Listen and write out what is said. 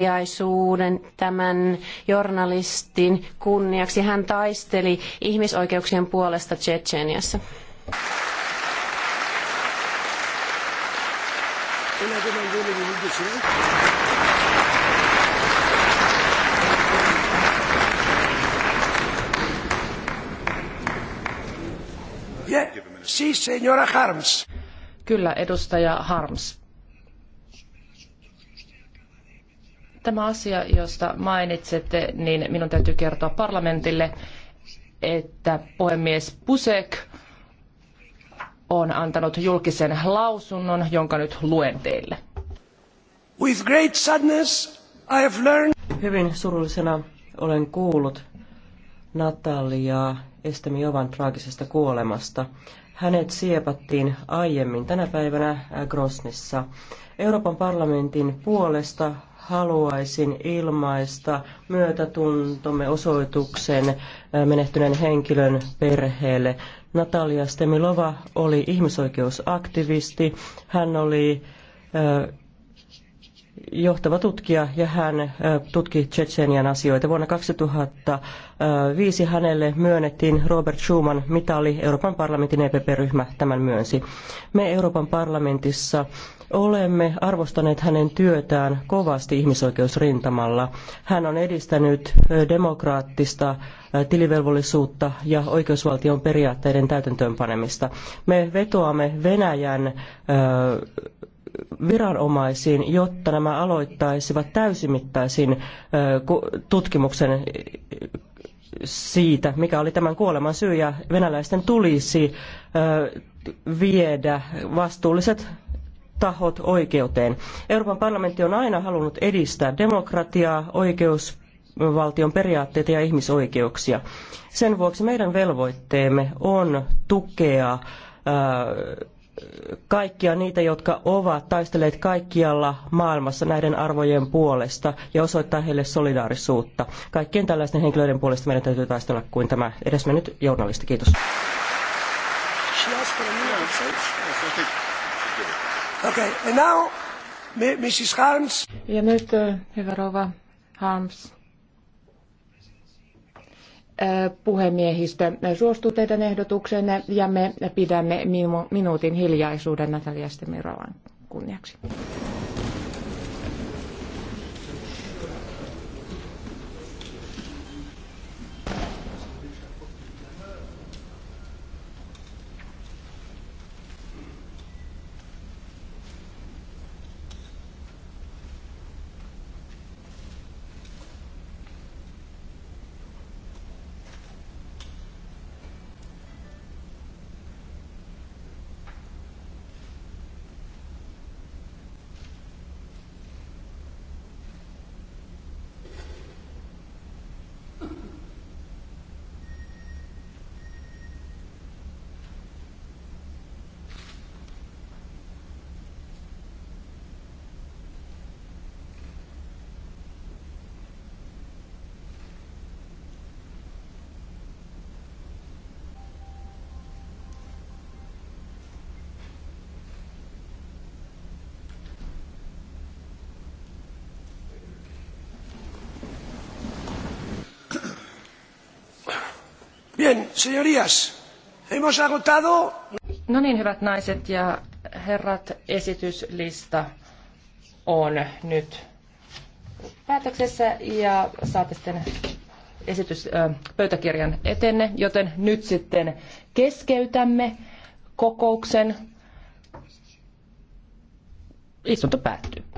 kirjaisuuden tämän journalistin kunniaksi. Hän taisteli ihmisoikeuksien puolesta Tsetseniassa. Kyllä, edustaja Harms. Tämä asia, josta mainitsette, niin minun täytyy kertoa parlamentille, että puhemies Pusek on antanut julkisen lausunnon, jonka nyt luen teille. With great sadness, I have learned... Hyvin surullisena olen kuullut, Natalia Estemijovan traagisesta kuolemasta. Hänet siepattiin aiemmin tänä päivänä Grosnissa. Euroopan parlamentin puolesta haluaisin ilmaista myötätuntomme osoituksen äh, menehtyneen henkilön perheelle. Natalia Stemilova oli ihmisoikeusaktivisti. Hän oli äh, johtava tutkija ja hän tutki Tsetsenian asioita. Vuonna 2005 hänelle myönnettiin Robert Schuman mitali Euroopan parlamentin EPP-ryhmä tämän myönsi. Me Euroopan parlamentissa olemme arvostaneet hänen työtään kovasti ihmisoikeusrintamalla. Hän on edistänyt demokraattista tilivelvollisuutta ja oikeusvaltion periaatteiden täytäntöönpanemista. Me vetoamme Venäjän viranomaisiin, jotta nämä aloittaisivat täysimittaisin tutkimuksen siitä, mikä oli tämän kuoleman syy, ja venäläisten tulisi viedä vastuulliset tahot oikeuteen. Euroopan parlamentti on aina halunnut edistää demokratiaa, oikeusvaltion periaatteita ja ihmisoikeuksia. Sen vuoksi meidän velvoitteemme on tukea kaikkia niitä, jotka ovat taistelleet kaikkialla maailmassa näiden arvojen puolesta ja osoittaa heille solidaarisuutta. Kaikkien tällaisten henkilöiden puolesta meidän täytyy taistella kuin tämä edesmennyt journalisti. Kiitos. Okay, and now, Mrs. Harms. Ja nyt, eh, hyvä rouva Harms puhemiehistö suostuu teidän ehdotuksenne ja me pidämme minuutin hiljaisuuden Natalia Stemirovan kunniaksi. No niin, hyvät naiset ja herrat, esityslista on nyt päätöksessä ja saatte sitten esitys, pöytäkirjan etenne, joten nyt sitten keskeytämme kokouksen. Istunto päättyy.